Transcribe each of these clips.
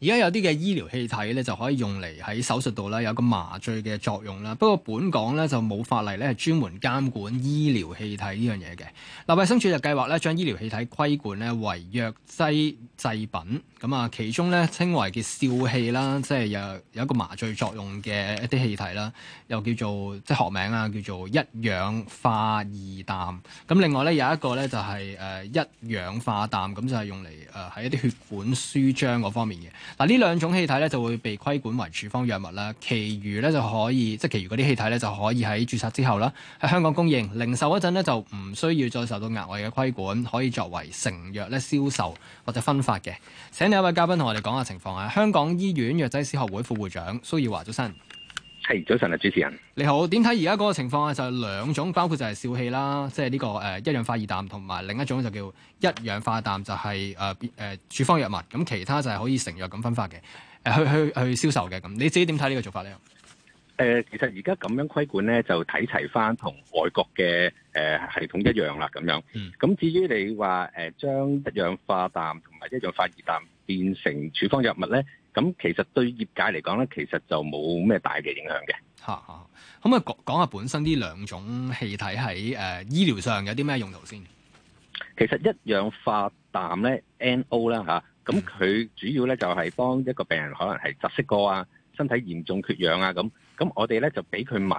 而家有啲嘅醫療氣體咧，就可以用嚟喺手術度啦，有個麻醉嘅作用啦。不過本港咧就冇法例咧，專門監管醫療氣體呢樣嘢嘅。立、啊、衛生署就計劃咧，將醫療氣體規管咧為藥劑製品。咁啊，其中咧稱為叫「笑氣」啦，即係有有一個麻醉作用嘅一啲氣體啦，又叫做即係學名啊，叫做一氧化二氮。咁、啊、另外咧有一個咧就係、是、誒、呃、一氧化氮，咁就係用嚟誒喺一啲血管舒張嗰方面嘅。嗱，兩氣呢兩種氣體咧就會被規管為處方藥物啦，其餘咧就可以，即係其餘啲氣體咧就可以喺註冊之後啦，喺香港供應、零售嗰陣咧就唔需要再受到額外嘅規管，可以作為成藥咧銷售或者分發嘅。請另一位嘉賓同我哋講下情況啊！香港醫院藥劑師學會副會長蘇曜華，早晨。係，早晨啊，主持人。你好，點睇而家嗰個情況咧？就係兩種，包括就係笑氣啦，即係呢個誒、呃、一氧化二氮，同埋另一種就叫一氧化氮，就係誒誒處方藥物。咁其他就係可以成藥咁分發嘅，呃，去去去銷售嘅。咁你自己點睇呢個做法咧？誒、呃，其實而家咁樣規管咧，就睇齊翻同外國嘅誒、呃、系統一樣啦，咁樣。咁、嗯、至於你話誒將一氧化氮同埋一氧化二氮變成處方藥物咧？咁其實對業界嚟講咧，其實就冇咩大嘅影響嘅。嚇嚇，咁啊講講下本身呢兩種氣體喺誒、呃、醫療上有啲咩用途先？其實一氧化氮咧，NO 啦、啊、嚇，咁佢主要咧就係幫一個病人可能係窒息過啊、身體嚴重缺氧啊咁，咁我哋咧就俾佢聞，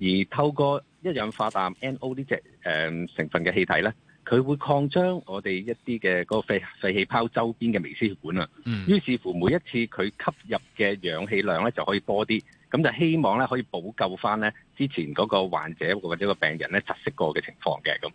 而透過一氧化氮 NO 呢隻誒成分嘅氣體咧。佢會擴張我哋一啲嘅個肺肺氣泡周邊嘅微絲血管啊，嗯、於是乎每一次佢吸入嘅氧氣量咧就可以多啲，咁就希望咧可以補救翻咧之前嗰個患者或者個病人咧窒息過嘅情況嘅咁，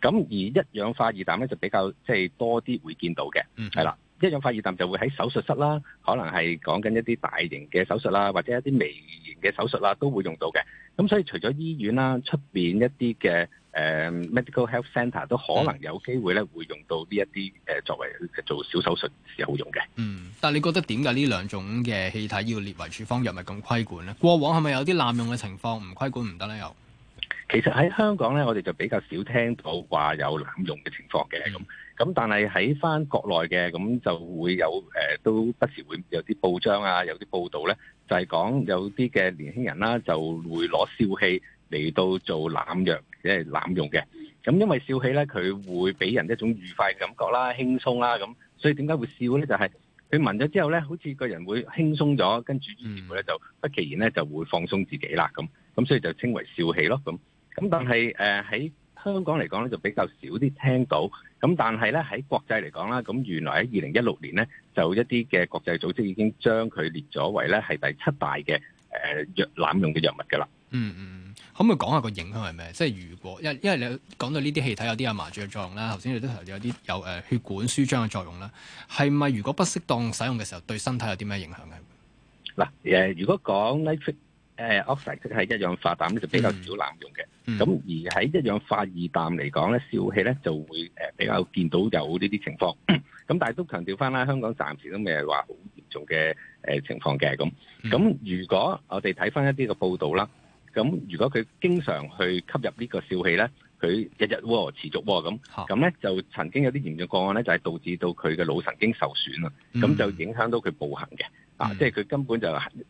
咁、嗯、而一氧化二氮咧就比較即係、就是、多啲會見到嘅，係、嗯、啦。一係有化液就會喺手術室啦，可能係講緊一啲大型嘅手術啦，或者一啲微型嘅手術啦，都會用到嘅。咁所以除咗醫院啦，出邊一啲嘅誒 medical health center 都可能有機會咧，會用到呢一啲誒作為做小手術有用嘅。嗯，但係你覺得點解呢兩種嘅氣體要列為處方藥物咁規管咧？過往係咪有啲濫用嘅情況唔規管唔得咧？又？其實喺香港咧，我哋就比較少聽到話有濫用嘅情況嘅咁。咁但係喺翻國內嘅咁就會有誒，都不時會有啲報章啊，有啲報道咧，就係講有啲嘅年輕人啦就會攞笑氣嚟到做濫藥，即係濫用嘅。咁因為笑氣咧，佢會俾人一種愉快嘅感覺啦、輕鬆啦咁。所以點解會笑咧？就係佢聞咗之後咧，好似個人會輕鬆咗，跟住咧就不期然咧就會放鬆自己啦咁。咁所以就稱為笑氣咯咁。咁但係誒喺香港嚟講咧就比較少啲聽到，咁但係咧喺國際嚟講啦，咁原來喺二零一六年咧就一啲嘅國際組織已經將佢列咗為咧係第七大嘅誒藥濫用嘅藥物㗎啦、嗯。嗯嗯，可唔可以講下個影響係咩？即係如果因因為你講到呢啲氣體有啲係麻醉嘅作用啦，頭先你都提到有啲有誒血管舒張嘅作用啦，係咪如果不適當使用嘅時候對身體有啲咩影響咧？嗱誒、呃，如果講誒 oxic 係一氧化氮咧就比較少濫用嘅，咁而喺一氧化二氮嚟講咧，笑氣咧就會誒比較見到有呢啲情況，咁但係都強調翻啦，香港暫時都未係話好嚴重嘅誒情況嘅咁。咁如果我哋睇翻一啲嘅報道啦，咁如果佢經常去吸入呢個笑氣咧。佢日日喎，持續喎，咁咁咧就曾經有啲嚴重個案咧就係、是、導致到佢嘅腦神經受損啊，咁就影響到佢步行嘅啊，即係佢根本就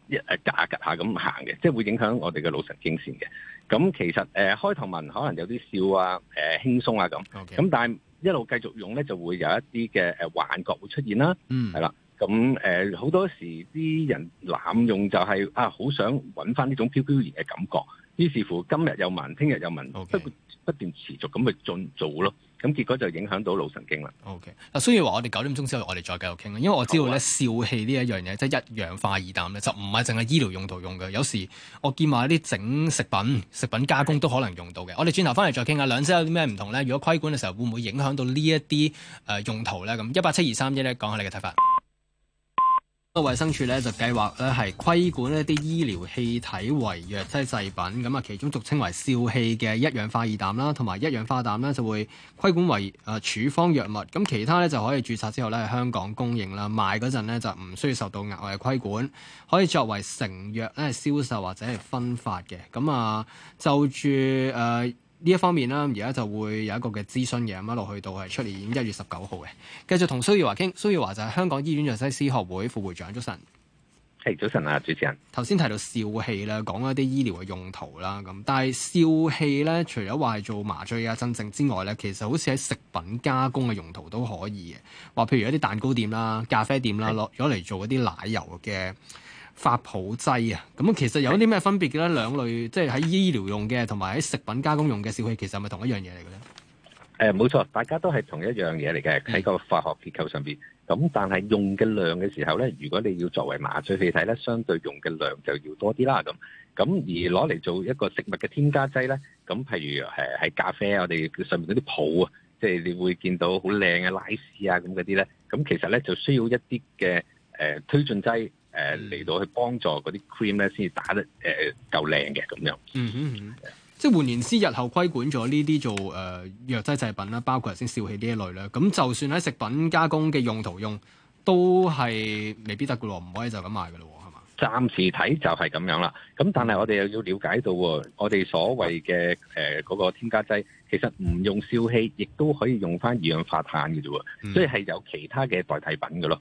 一誒夾下夾下咁行嘅，即係會影響我哋嘅腦神經線嘅。咁其實誒、呃、開頭文可能有啲笑啊、誒、呃、輕鬆啊咁，咁 Okay. 但係一路繼續用咧就會有一啲嘅誒幻覺會出現啦，係、啊、啦，咁誒好多時啲人濫用就係、是、啊好想揾翻呢種飄飄然嘅感覺。於是乎，今日又聞，聽日又聞，Okay. 不斷不斷持續咁去盡做咯。咁結果就影響到腦神經啦。O K 嗱，雖然話我哋九點鐘之後我哋再繼續傾啦，因為我知道咧，啊、笑氣呢一樣嘢即係一氧化二氮咧，就唔係淨係醫療用途用嘅。有時我見埋啲整食品、食品加工都可能用到嘅。Okay. 我哋轉頭翻嚟再傾下兩者有啲咩唔同咧？如果規管嘅時候會唔會影響到呢一啲誒用途咧？咁一八七二三一咧，講下你嘅睇法。個衛生署咧，就計劃咧係規管一啲醫療氣體為藥劑製品，咁啊，其中俗稱為笑氣嘅一氧化二氮啦，同埋一氧化氮咧就會規管為誒、呃、處方藥物，咁其他咧就可以註冊之後咧喺香港供應啦，賣嗰陣咧就唔需要受到額外規管，可以作為成藥咧銷售或者係分發嘅，咁啊就住誒。呃呢一方面啦，而家就會有一個嘅諮詢嘅，咁一路去到係出年一月十九號嘅，繼續同蘇曜華傾。蘇曜華就係香港醫院藥劑師學會副會長。早晨，係早晨啊，主持人。頭先提到笑氣啦，講一啲醫療嘅用途啦，咁但係笑氣咧，除咗話係做麻醉呀、鎮靜之外咧，其實好似喺食品加工嘅用途都可以嘅。話譬如一啲蛋糕店啦、咖啡店啦，落咗嚟做一啲奶油嘅。發泡劑啊，咁其實有啲咩分別嘅咧？兩類即係喺醫療用嘅，同埋喺食品加工用嘅，笑氣其實係咪同一樣嘢嚟嘅咧？誒、嗯，冇錯，大家都係同一樣嘢嚟嘅，喺個化學結構上邊。咁但係用嘅量嘅時候咧，如果你要作為麻醉氣體咧，相對用嘅量就要多啲啦。咁咁而攞嚟做一個食物嘅添加劑咧，咁譬如誒喺咖啡我哋上面嗰啲泡啊，即係你會見到好靚嘅拉絲啊咁嗰啲咧，咁其實咧就需要一啲嘅誒推進劑。誒嚟到去幫助嗰啲 cream 咧，先至打得誒夠靚嘅咁樣。嗯哼哼，即係換言之，日後規管咗呢啲做誒、呃、藥劑製品啦，包括頭先笑氣呢一類咧。咁就算喺食品加工嘅用途用，都係未必得嘅咯，唔可以就咁賣嘅咯，係嘛？暫時睇就係咁樣啦。咁但係我哋又要了解到，我哋所謂嘅誒嗰個添加劑，其實唔用笑氣，亦都可以用翻二氧化碳嘅啫。所以係有其他嘅代替品嘅咯。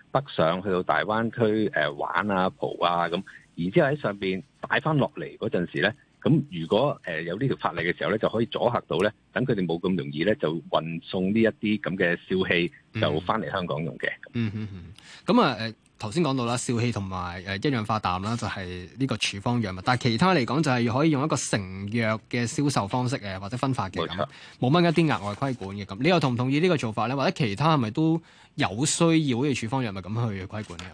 北上去到大灣區誒、呃、玩啊蒲啊咁，然之後喺上邊帶翻落嚟嗰陣時咧，咁如果誒、呃、有呢條法例嘅時候咧，就可以阻嚇到咧，等佢哋冇咁容易咧就運送呢一啲咁嘅笑氣就翻嚟香港用嘅、嗯。嗯嗯嗯，咁啊誒。呃頭先講到啦，笑氣同埋誒一氧化氮啦，就係、是、呢個處方藥物。但係其他嚟講，就係可以用一個成藥嘅銷售方式嘅，或者分發嘅咁，冇乜錯一啲額外規管嘅咁。你又同唔同意呢個做法咧？或者其他係咪都有需要好似處方藥物咁去規管咧？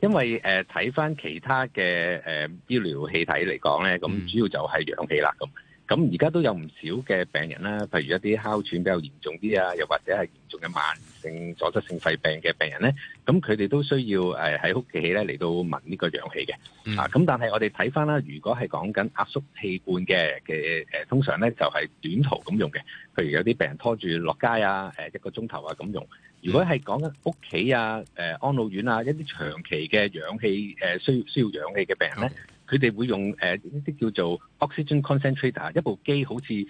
因為誒睇返其他嘅誒、呃、醫療氣體嚟講咧，咁主要就係氧氣啦咁。嗯咁而家都有唔少嘅病人啦，譬如一啲哮喘比較嚴重啲啊，又或者係嚴重嘅慢性阻塞性肺病嘅病人咧，咁佢哋都需要誒喺屋企咧嚟到聞呢個氧氣嘅。嗯、啊，咁但係我哋睇翻啦，如果係講緊壓縮氣罐嘅嘅誒，通常咧就係短途咁用嘅，譬如有啲病人拖住落街啊，誒一個鐘頭啊咁用。如果係講緊屋企啊、誒安老院啊一啲長期嘅氧氣誒需要需要氧氣嘅病人咧？嗯佢哋會用誒呢啲叫做 oxygen c o n c e n t r a t e r 一部機好似誒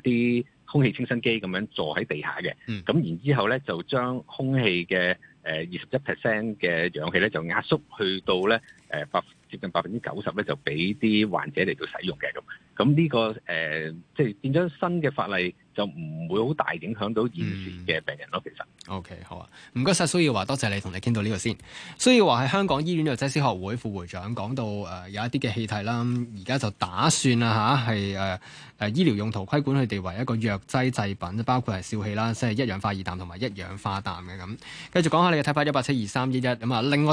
啲空氣清新機咁樣坐喺地下嘅，咁、嗯、然之後咧就將空氣嘅誒二十一 percent 嘅氧氣咧就壓縮去到咧誒百接近百分之九十咧就俾啲患者嚟到使用嘅咁，咁呢、這個誒即係變咗新嘅法例。就唔會好大影響到現時嘅病人咯，其實。嗯、OK，好啊，唔該晒。蘇曜華，多謝你同你傾到呢個先。蘇曜華係香港醫院藥劑師學會副會長，講到誒有一啲嘅氣體啦，而家就打算啊吓係誒誒醫療用途規管佢哋為一個藥劑製品，包括係笑氣啦，即係一氧化二氮同埋一氧化氮嘅咁。繼續講下你嘅睇法，一八七二三一一咁啊，另外。